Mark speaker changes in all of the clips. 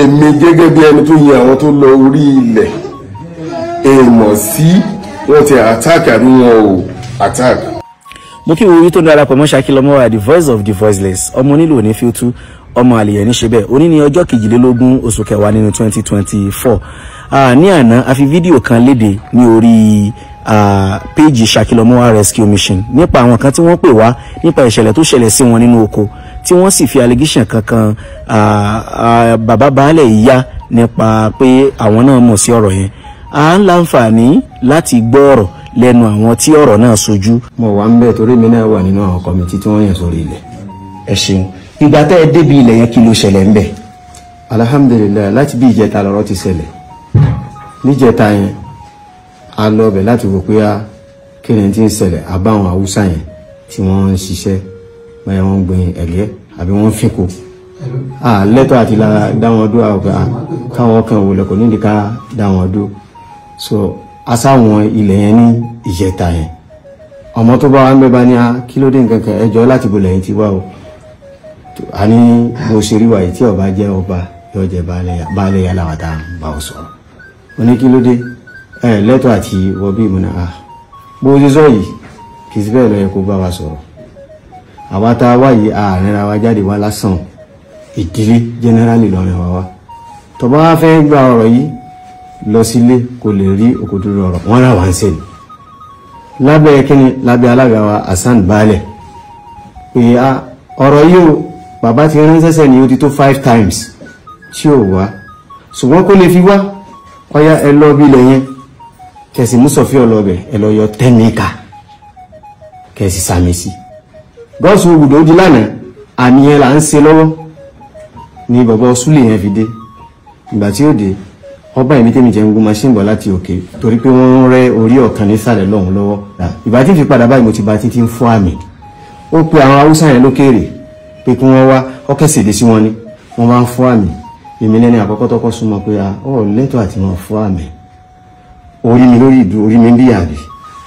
Speaker 1: èmi gẹ́gẹ́ bí ẹni tó yẹ àwọn tó lọ orí ilẹ̀ èèmọ̀ sí wọ́n ti attack àbí wọn ò attack.
Speaker 2: mo kí wúwí tó ń darapọ̀ mọ́ Ṣakí Ọmọwúrà the voice of the voiceless ọmọ onílù òní fi tú ọmọ àlèyàn ní ṣe bẹ́ẹ̀ òní ni ọjọ́ kejìlélógún oṣù kẹwàá nínú twenty twenty four ní àná a fi fídíò kan léde ní orí péjì Ṣakilọmọwa rescue mission nípa àwọn kan tí wọ́n pè wá nípa ìṣẹ̀lẹ̀ tó ṣẹlẹ̀ sí wọn nínú oko tí wọ́n sì fi allegation kankan bàbá baálẹ̀ ìyá nípa pé àwọn náà mọ̀ sí ọ̀rọ̀ yẹn à ń láǹfààní láti gbọ́ ọ̀rọ̀ lẹ́nu àwọn tí ọ̀rọ̀ náà sojú. mo wà ń bẹ torí mi náà wà nínú àwọn kọmitì tí wọ́n yàn sórí ilẹ̀. ẹ ṣeun ìgbà tẹ́ ẹ débi ilẹ̀ yẹn kí ló ṣẹlẹ̀ ń bẹ̀. alhamdulilayi láti bí ìjẹta lọ́rọ̀ ti ṣẹlẹ̀ níjẹta yẹn a lọ bẹ̀ láti wò pé a kí ni ti ń ṣẹlẹ̀ a bá àwọn haúsá yẹn tí wọ́n ń ṣiṣẹ́ báyà wọ́n ń gbin ẹ̀gẹ́ àbí wọ́n ń fìkó a lẹ́tọ̀ àti la dá wọn dúró àwọn ọ̀gá káwọn kan wò lẹ́kọ̀ọ́ nídìí ká dá wọn dúró so asáwọn ilẹ̀ yẹn ní ìjẹta yẹn ọmọ tó bá wà ń bẹ bá ní a kí ló dé nǹkan kan ẹjọ́ láti bo lẹ́yìn tí wá o a ní mo ṣe rí wàyí tí ọba jẹ́ ọba yọjẹ baálé yàrá làwọn bá ọ sọ̀rọ̀ oní kí ló dé ẹ lẹ́tọ̀ àti wọbí ìmúna a ah, bó ṣe sọ yìí kì í sí bẹ́ẹ̀ lọ yẹ kó bá wa sọ̀rọ̀ àwa tá a wá yìí àárín ara wa jáde wá lásán ìdílé jẹ́nẹ́rálì lọ́rin wa wá tó bá fẹ́ gba ọ̀rọ̀ yìí lọ sílé kò lè rí òkòdúró ọ̀rọ̀ wọn rà wá ń sè ní lábẹ́ kíni lábẹ́ alága wa hasan baálẹ̀ pé a ọ̀rọ̀ yìí o bàbá ti ránṣẹ́ṣẹ́ ni ó ti tó five times tí ò wá ṣùgbọ́n kó lè fi wá ọ̀yá ẹ lọ bí ilẹ̀ yẹn kẹ̀sì mú sọ̀fíà ọlọ́bẹ̀ ẹ lọ yọ tẹ́míkà kẹ̀sì sàmì sí gọ́ọ̀sù òbùdó di lánàá àmì yẹn là ń ṣe lọ́wọ́ ni bàbá ọsúlè yẹn fi dé ìgbà tí ó dé ọba èmi tèmi jẹun gun machine bọ̀ láti òkè torí pé wọ́n ń rẹ́ orí ọ̀kan nísàlẹ̀ lọ́hùn lọ́wọ́ ìgbà tí fi padà báyìí mo ti ba títí ń fọ́ àmì ó pe àwọn haúsá yẹn lókèrè pé kí wọ́n wá ọkẹ́ sèdè sí wọn ni wọ́n máa ń fọ́ àmì èmi lẹ́ni àkọ́kọ́ tọ́kọ́ súnmọ́ pé a ah, ọ̀ lẹ́tọ̀ àti wọn fún àmì orí mi lórí ìdú orí mi ń bíyà bí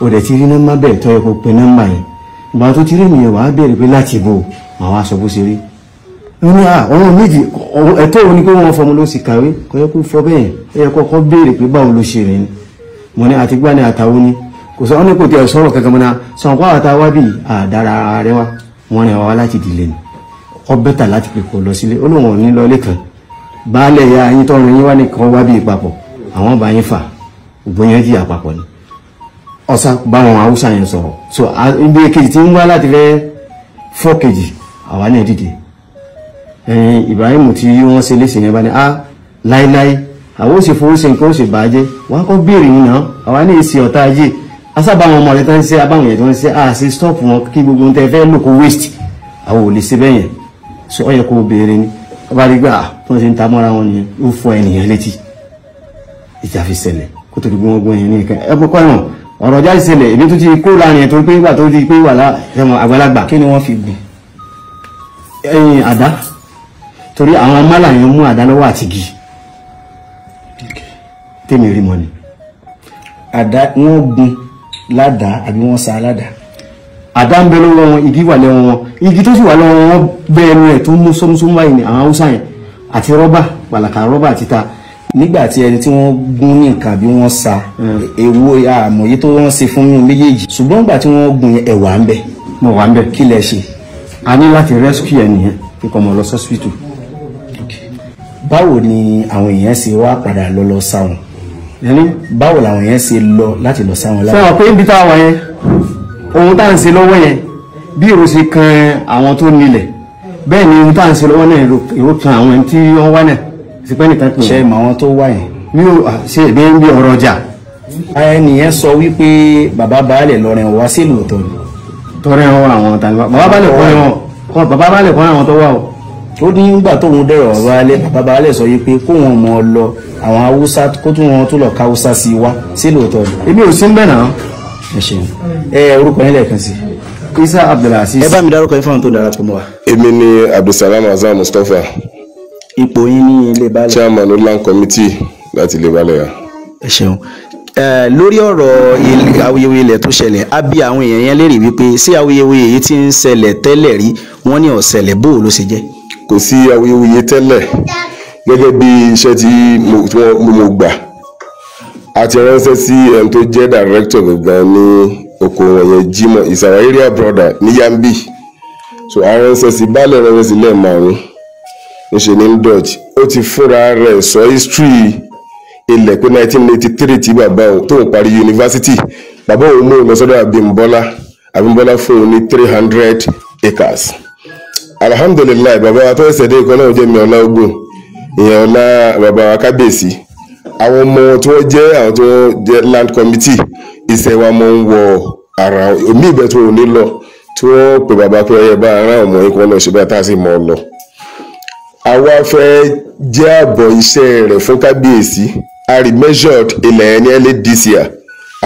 Speaker 2: o dẹ̀ ti rí nọ́mbà bẹ́ẹ̀ tọ́ ẹ kó pe nọ́mbà yẹn ìgbà tó ti rí nìyẹn wàá bẹ̀rẹ̀ pé láti bò mà wá sọ bó ṣe rí wọn a ọ̀rọ̀ méjì ẹ̀tọ́ òní pé wọ́n fọmọ ló sì kàwé kọ́yẹ́ kó fọ bẹ́ẹ̀ ẹ yẹ kọ́kọ́ béèrè pé báwo ló ṣe rìn mo ní àti gbani àtàwọn ni kò sọ ọ́n ní kò tẹ sọ̀rọ̀ kankan mọ́ná ah, sọ̀nkọ́ àtàwọn bíi àdára rẹ wa wọ́n rìn wá láti dìlẹ̀ ni ọ bẹ́tà láti pè kọ́ lọ sílé ó lóun ò ní lọ ilé baálẹ̀ ya yín tọrùn yín wá nìkan wá bí ìpapọ̀ àwọn bá yín fà bóyá jìyà papọ̀ ni ọ̀sà báwọn haúsá yẹn sọ̀rọ̀ so ibi kejì tí ń wá láti fẹ́ fọ́ kejì àwa náà dìde Ibrahim tí wọ́n ṣe léṣe yẹn bá ní ah láíláí àwọn òsè fowó ṣe nǹkan òsè bàájẹ́ wọn kọ́ béèrè yìí náà àwa náà ṣe ọ̀tá ajé asábàwọn ọmọ rẹ tó ń ṣe abáwọn yẹn tó ń ṣe à ṣe stop wọn kí gbogbo ohun tẹ fẹ́ lò waste àwọn ò lè ṣe bẹ́ẹ̀ yẹn so ó yẹ kó béèrè ni ọba rí gbà tí wọ́n ṣe ń ta mọ́ra wọn nìyẹn ń fọ ẹnìyàn létí ìjà fi ṣẹlẹ̀ kó tó di pé wọ́n gbọ́ ẹ̀yìn ní ìkẹ́ ẹ kọ́kọ́ ẹ̀wọ̀n ọ̀rọ̀ ọjà ìṣẹlẹ̀ èmi tó ti kó láàrin ẹ̀ torí pé nígbà tó di pé wà láwọn àgbàlagbà kí ni wọ́n fi gbìn ẹ̀yìn àdá torí àwọn mọ́là yẹn mú àdá lọ́wọ́ àti igi tèmi rí mọ́ ni àdá wọ́n gbìn ládàá àbí wọ́n sa aládàá àdá ń bẹ lọ́wọ́ wọn igi wà lẹ́wọ̀n wọn igi tó sì wà lọ́wọ́ wọn bẹ ẹnu ẹ̀ tó mú sọ́mùsọ́mù báyìí ní àwọn haúsá yẹn àti rọ́bà pàlàkà rọ́bà títa nígbà tí ẹni tí wọ́n gún ní nǹkan bí wọ́n sa ewu àmọ̀yé tó wọ́n ṣe fún mi méjèèjì ṣùgbọ́n nígbà tí wọ́n gún yẹn ẹ̀wà ń bẹ mo wà ń bẹ kí lẹ ṣe a ní láti rescue ẹ̀ nìyẹn kíkọ́ mọ̀ lọ sọ́sìpìtù báwo ni àwọn èèyàn ṣe wá padà lọ lọ sáwọn báwo làwọn èèyàn ṣe lọ láti lọ sáwọn sọ pé ibi tá yẹn ohun tá à ń ṣe lọ́wọ́ yẹn bí èrò ṣe kan àwọn tó nílẹ̀ bẹ́ẹ̀ ni ohun tá à ń ṣe lọ́wọ́ náà èrò kan àwọn ẹni tí wọ́n wá náà sí pẹ́ nìkan pè. ṣe mọ̀ tó wá yẹn. mi ò ṣe èdè ń bí ọ̀rọ̀ ọjà. ẹnìyẹn sọ wípé bàbá baálẹ̀ lọ́rẹ̀ wá sílùú ọ̀tọ̀ ni. tọrẹ wọn àwọn tàbí bàbá baálẹ̀ kọrin wọn bàbá baálẹ̀ kọrin àwọn tó wà o ó ní nígbà tóun dẹ̀rọ̀ babalẹ̀ babalẹ̀ sọ yìí pé kóun mọ̀ ọ lọ àwọn haúsá kó tún wọn tó lọ ká haúsá sí i wá sílùú ọ̀tọ̀ ni. ò sí ń bẹ̀ náà ẹ ṣeun ẹ orúkọ yín lẹ́ẹ̀kan sí isa abdulaziz. ẹ bá mi dárúkọ
Speaker 3: yín fáwọn tó darapọ̀ mọ́ wa.
Speaker 1: èmi ni abdulsalam azam mustapha. ipò yín ní ilé
Speaker 2: balẹ̀. chairman olan committee láti ilé balẹ̀ wa. ẹ ṣeun lórí ọ̀rọ̀ awuyewuye ilẹ̀ tó ṣẹlẹ̀ a bí àwọn èèyàn yẹn léèrè wípé ṣé awuyewuye yìí ti ń ṣẹlẹ̀ tẹ́lẹ̀ rí wọ́n ní ó ṣẹlẹ̀ o ló ṣe jẹ́. kò sí awuyewuye tẹ́lẹ̀ gẹ́gẹ́
Speaker 1: bí iṣẹ́ tí mo gbà a ti ránṣẹ́ sí ẹni tó jẹ́ director gangan ní oko wọn yẹn Jimoh is our area brother ní Yambi so a ránṣẹ́ sí baálẹ̀ ránṣẹ́ sí lẹ́ẹ̀márùn níṣẹ́ ní dodge ó ti fúnra rẹ̀ sọ history ilẹ̀ pé 1983 tí bàbá òun tóun parí yunifásitì bàbá òun mú un lọ sọ́dọ̀ Abímbọ́lá Abímbọ́lá fún òun ní 300 acres alhamdulilayi bàbá wa tó ẹsẹ̀ dé ìkọ́lẹ́ òjẹ́ mi ọlá ogun ìyẹn ọlá bàbá wa kábíyèsí àwọn ọmọ wọn tí wọ́n jẹ́ àwọn tí wọ́n jẹ́ land committee iṣẹ́ wa mọ̀ ń wọ ara omi ìgbẹ́ tó ní lọ tí wọ́n pè bàbá pé ọyẹ bá ara ọmọ yìí kan lọ ṣe bẹ́ẹ̀ tá a sì mọ̀ ọ́ lọ. àwa fẹ́ jẹ́ àbọ̀ iṣẹ́ rẹ̀ fún kábíyèsí a rí measured ilẹ̀ ẹni ẹlẹ́ this year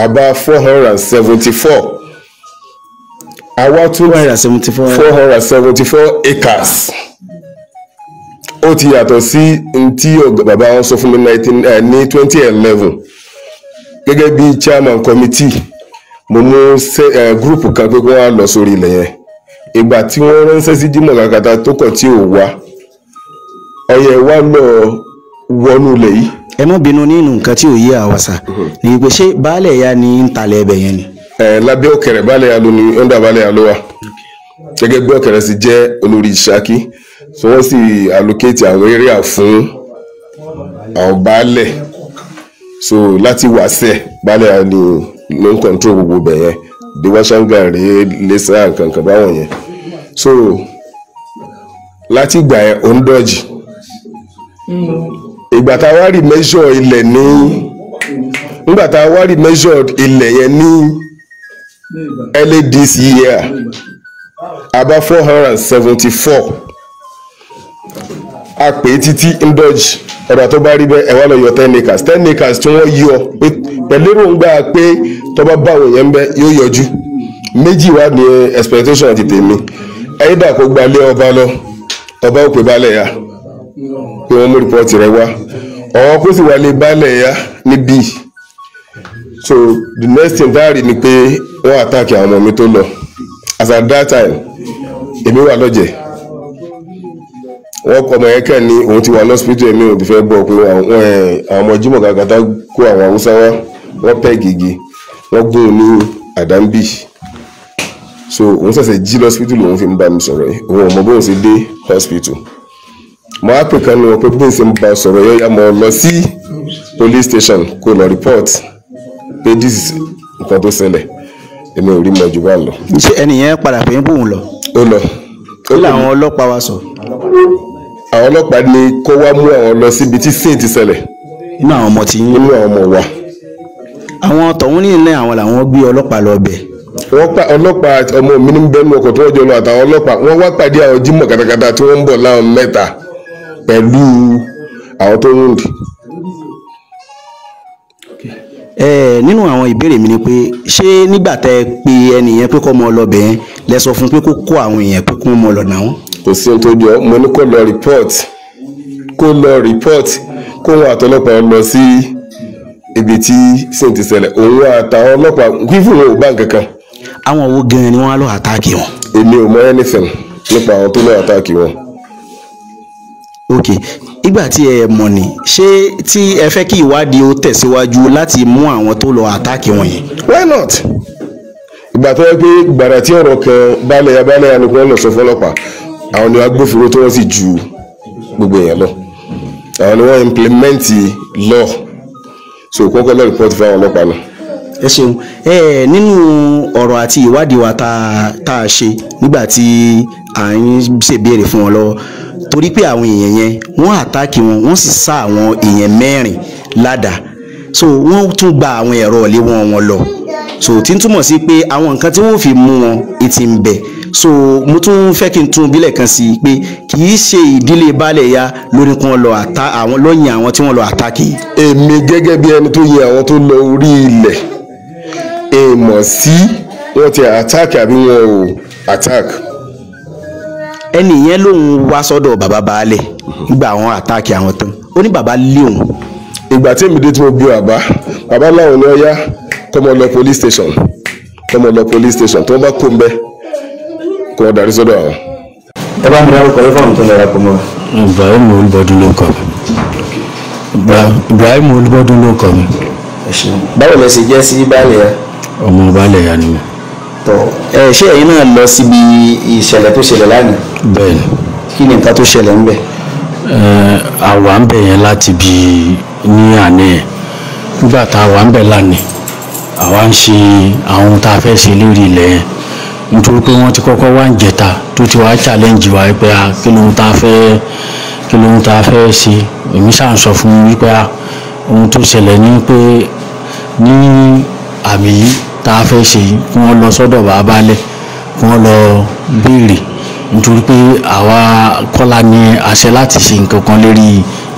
Speaker 1: about four hundred and seventy-four
Speaker 2: àwa tún four
Speaker 1: hundred and seventy-four acres ó ti yàtọ̀ sí tí bàbá wọn sọ fún mi ní twenty gẹ́gẹ́ bí chairman committee mo mú gúrùpù kan pé kí wọ́n lọ sórí ilẹ̀ yẹn ìgbà tí wọ́n ránṣẹ́ sí Kakata tó kàn tí ò wá ọyẹ wa lọ
Speaker 2: wọnú ilẹ̀ yìí. ẹ má bínú nínú nǹkan tí ò àwàsà mm-hmm. ní pé ṣé baálé ya ni ń talẹ̀ ẹbẹ̀ yẹn ni.
Speaker 1: ẹ lábẹ́ baálé ya ló ni ọ̀dà baálé ya ló gẹ́gẹ́ bí sì jẹ́ olórí so wọ́n sì allocate àwọn area fún àwọn baálẹ̀ so láti wàṣẹ baálẹ̀ ni ló ń control gbogbo bẹ̀ yẹn dewasanga rèé lẹ́sà nkankan báwọn yẹn so láti gbà yẹn ò ń dọ̀jì ìgbà tá a wá rí measure ilẹ̀ ní nígbà tá a wá rí measure ilẹ̀ yẹn ní early this year about four hundred and seventy-four a pè é títí indulge ọ̀dà tó bá rí bẹ́ẹ̀ ẹ̀ wá lọ yọ ten acres ten acres tí wọ́n yọ pẹ̀lú èròǹgbà pé tọ́ba báwo yẹn bẹ́ yóò yọjú méjì wá ní expectation àti tèmi ẹ̀yìn dà kó gbalẹ̀ ọba lọ ọba òpè balẹ̀ ya pé wọ́n mú rìpọ́ọ̀tì rẹ wá ọ̀wọ́ kó sì wálé balẹ̀ ya níbí so the next thing tá a rí ni pé wọ́n àtàkì àwọn ọmọ mi tó lọ as at that time èmi wà lọ́jẹ̀ẹ́ wọ́n kọ́ ọmọ yẹn kẹ́ ni òun ti wà lọ́sibítù ẹ̀mí òbí fẹ́ bọ̀ pé àwọn eh, ọmọ Jímọ̀ kàkàtà kó àwọn Haúsá wá wọ́n pẹ́ gègé wọ́n gún un ní àdámbì so òun ṣẹ̀ṣẹ̀ jí lọ́sibítù lòun fi ń bá mi sọ̀rọ̀ yìí òun ò mọ bóun ṣe dé hospital mo á pè kan ní wọn pé bóun ṣe ń bá sọ̀rọ̀ yẹn yá mo lọ sí police station kó lọ report pé this is nǹkan tó ṣẹlẹ̀ èmi ò rí mọ jù bá lọ.
Speaker 2: ṣé ẹnìyẹn padà pé ń bóun lọ.
Speaker 1: ó lọ. ó làwọn ọlọ́pàá wa sọ. àwọn ọlọ́pàá ní kó wá mú àwọn lọ síbi tí sin ti sẹlẹ̀ nínú ọmọ tí yín. inú àwọn ọmọ wa.
Speaker 2: àwọn tọ̀hún ní ilé àwọn làwọn gbé ọlọ́pàá lọ bẹ̀.
Speaker 1: wọ́n pa ọlọ́pàá ọmọ mi ní ọkọ̀ tó wọ́n wá pàdé àwọn jímọ̀ kàtàkàtà tí wọ́n ń bọ̀ láwọn mẹ́ta
Speaker 2: pẹ̀lú àwọn tó ń nínú àwọn ìbéèrè mi ni pe ẹnìyẹn pé kọ́ lẹ sọ
Speaker 1: kò sí ohun tó jọ mo ní kó lọ report kó lọ report kóun àtọlọ́pàá lọ sí ibi tí sèǹ ti ṣẹlẹ̀ òun àtàwọn ọlọ́pàá wíwù wọn ò bá nǹkan kan.
Speaker 2: àwọn owó gan-an ni wọ́n á lọ àtáàkì wọn. èmi ò mọ anything nípa
Speaker 1: àwọn tó lọ àtáàkì wọn.
Speaker 2: ok ìgbà tí ẹ mọ̀ ni ṣé tí ẹ fẹ́ kí ìwádìí ó tẹ̀síwájú láti mú àwọn tó lọ àtáàkì wọn yẹn.
Speaker 1: why not ìgbà tó yẹ pé gbàrà tí ọ̀rọ̀ kan balẹ̀ abalẹ̀ anukun lọ sọ fọlọ́pàá àwọn ni wọ́n agbófinró tí wọ́n sì ju gbogbo èèyàn lọ àwọn ni wọ́n implement law so kọ́kọ́ lọ report fún àwọn ọlọ́pàá náà.
Speaker 2: ẹ ṣeun ẹ nínú ọ̀rọ̀ àti ìwádìí wa tá a ṣe nígbà tí à ń ṣèbéèrè fún wọn lọ́wọ́ torí pé àwọn èèyàn yẹn wọ́n àtáàkì wọn wọ́n sì sá àwọn èèyàn mẹ́rin ládàá so wọ́n tún gba àwọn ẹ̀rọ ìléwọ́ wọn lọ so tí ń túmọ̀ sí pé àwọn nǹkan tí wọ́n fi mú wọn ti ń bẹ so mo tún fẹ́ kí n tún bílẹ̀ kan sí i pé kì í ṣe ìdílé baálé ya lórí kí wọ́n lọ àta àwọn lọ́yìn àwọn tí wọ́n lọ àtàkì.
Speaker 1: èmi gẹ́gẹ́ bí ẹni tó yẹ àwọn tó lọ orí ilẹ̀
Speaker 2: èèmọ̀ sí wọ́n ti attack àbí wọn ò attack. ẹnì yẹn lòun wá sọ́dọ̀ bàbá baálé nígbà àwọn attack àwọn tán ó ní bàbá lé òun. ìgbà tí èmi dé tí mo bí bàbá bàbá láwọn ni ó yá kọ́mọ lọ
Speaker 1: police station kọ́mọ lọ police station tí wọ́n bá kó ń kó wọ́n darí sọ́dọ̀ àwọn.
Speaker 2: ẹ bá mi dárúkọ yóò fáwọn tó lọ ra pọ̀ mọ́.
Speaker 3: Ibrahim Olúbọdún ló kọ mi Ibrahim Olúbọdún ló kọ mi.
Speaker 2: báwo lẹ ṣe jẹ́ sí baálẹ̀ ya. ọmọ baálẹ̀ ya ni mi. tọ ẹ ṣé ẹ̀yin náà lọ síbi ìṣẹ̀lẹ̀ tó
Speaker 3: ṣẹlẹ̀ lánàá. bẹ́ẹ̀ni. kí ni nǹkan tó ṣẹlẹ̀ ń bẹ̀. àwa ń bẹ̀ yẹn láti bí ní àná yẹn nígbà tá a wà ń bẹ̀ lánàá àwa ń ṣe àwọn ohun tá a fẹ́ ṣe lórí ilẹ̀ yẹn nítorí pé wọ́n ti kọ́kọ́ wá ń jẹta tó ti wá challenge wa pé a kí lóhun tá a fẹ́ kí lóhun tá a fẹ́ ṣe èmi ṣáà ń sọ fún mi wípé ohun tó ṣẹlẹ̀ ni pé ní àmì yìí tá a fẹ́ ṣe yìí kí wọ́n lọ sọ́dọ̀ babalẹ̀ kí wọ́n lọ béèrè nítorí pé àwa kọ́lá ní àṣẹ láti ṣe nǹkan kan lérí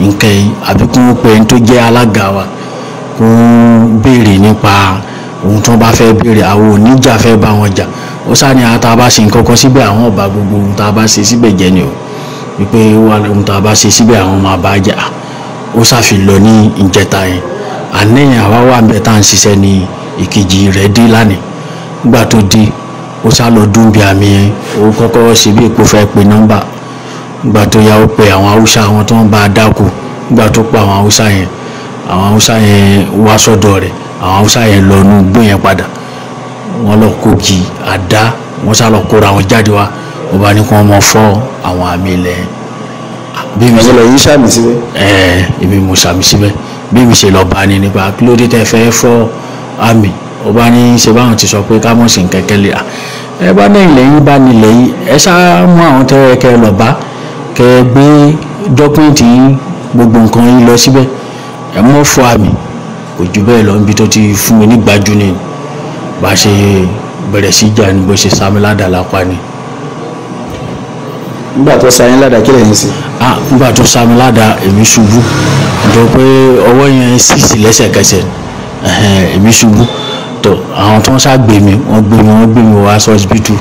Speaker 3: nǹkan yìí àbí kí wọ́n pe ẹni tó jẹ́ alága wa kí wọ́n béèrè nípa ohun tí wọ́n bá fẹ́ béèrè àwọn oníjà fẹ́ bá wọn jà. Ja ó sá ní ata bá ṣe nǹkan kan síbẹ̀ àwọn ọba gbogbo ohun tá a bá ṣe síbẹ̀ jẹ́ ni o wípé ohun tá a bá ṣe síbẹ̀ àwọn máa bá jà ó ṣàfi lọ ní ìjẹta yẹn àníyàn àwa wà ń bẹ tá à ń ṣiṣẹ́ ní ìkejì rẹ̀ dé lánàá nígbà tó dé ó sá lọ dún bí àmì yẹn ó kọ́kọ́ ṣe bí èpo fẹ́ pe nọ́mbà nígbà tó yá ó pe àwọn haúsá àwọn tó ń bá a dáko nígbà tó pa àwọn haúsá yẹn àwọn haúsá yẹn wá sọ́dọ̀ rẹ̀ àwọn haúsá yẹn lọ nú gbé yẹn padà wọ́n lọ kogi àdá wọ́n sá lọ kóra wọn jáde wá ó bá ní kí wọ́n mọ fọ́ àwọn àmì ilẹ̀ bí mi ṣe lọ yí sàmì síbẹ̀. ẹẹ èmi mo sàmì síbẹ̀ bí mi ṣe lọ bá ní nípa kí ló dé tẹ́ fẹ́ fọ́ àmì ó bá ní ṣe báwọn ti sọ pé ká mọ̀ sí kẹ̀kẹ́ lè ẹ bá ní ilẹ̀ yìí bá ní ilẹ̀ yìí ẹ sá mú àwọn tẹ́rẹ̀ kẹ́ lọ bá kẹ́ gbé dọ́kúmẹ̀ntì yín gbogbo nǹkan yín lọ síbẹ̀ ẹ mọ̀ fọ́ àmì kò jù bẹ́ẹ̀ lọ níbi tó ti fún mi ní gbajú nìyí bá ṣe bẹ̀rẹ̀ sí jà ní bó ṣe sami ládàá lápá ni.
Speaker 2: nígbà tó sami ládàá kí lẹ́yìn sí.
Speaker 3: ah nígbà tó sami ládàá èmi ṣubú jọ pé ọwọ́ yẹn ṣìṣì lẹ́sẹ̀kẹsẹ̀ èmi ṣubú tó àwọn tó ń ṣàgbé mi wọ́n gbé mi wọ́n gbé mi wá sọ́sibítù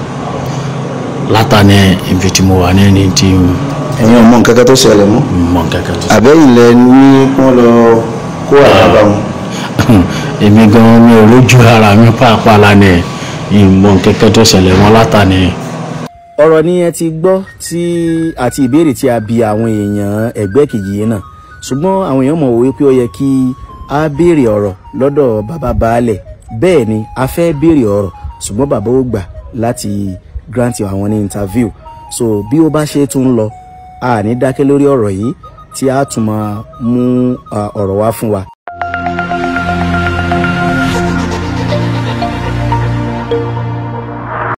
Speaker 3: látàní ibi tí mo wà ní ẹni tí. ẹ̀yin ò mọ tó ṣẹlẹ̀ mọ́. mọ nǹkan tó ṣẹlẹ̀. àbẹ́yìn lẹ ní kí wọ́n lọ kó àlábà wọn. èmi gan mi ò lójú ara mi pàápàá lánàá ìmọ̀ kẹ́kẹ́ tó ṣẹlẹ̀ wọn látàní.
Speaker 2: ọ̀rọ̀ ni ẹ ti gbọ́ tí àti ìbéèrè tí a bi àwọn èèyàn ẹgbẹ́ kejì yìí náà ṣùgbọ́n àwọn èèyàn mọ̀ wò pé ó yẹ kí a béèrè ọ̀rọ̀ lọ́dọ̀ bàbá baálẹ̀ bẹ́ẹ̀ ni a fẹ́ béèrè ọ̀rọ̀ ṣùgbọ́n bàbá ó gbà láti grant àwọn ní interview so bí ó bá ṣe tún lọ a ní dákẹ́ lórí ọ̀rọ̀ yìí tí a tún máa mú ọ̀rọ̀ wá fún wa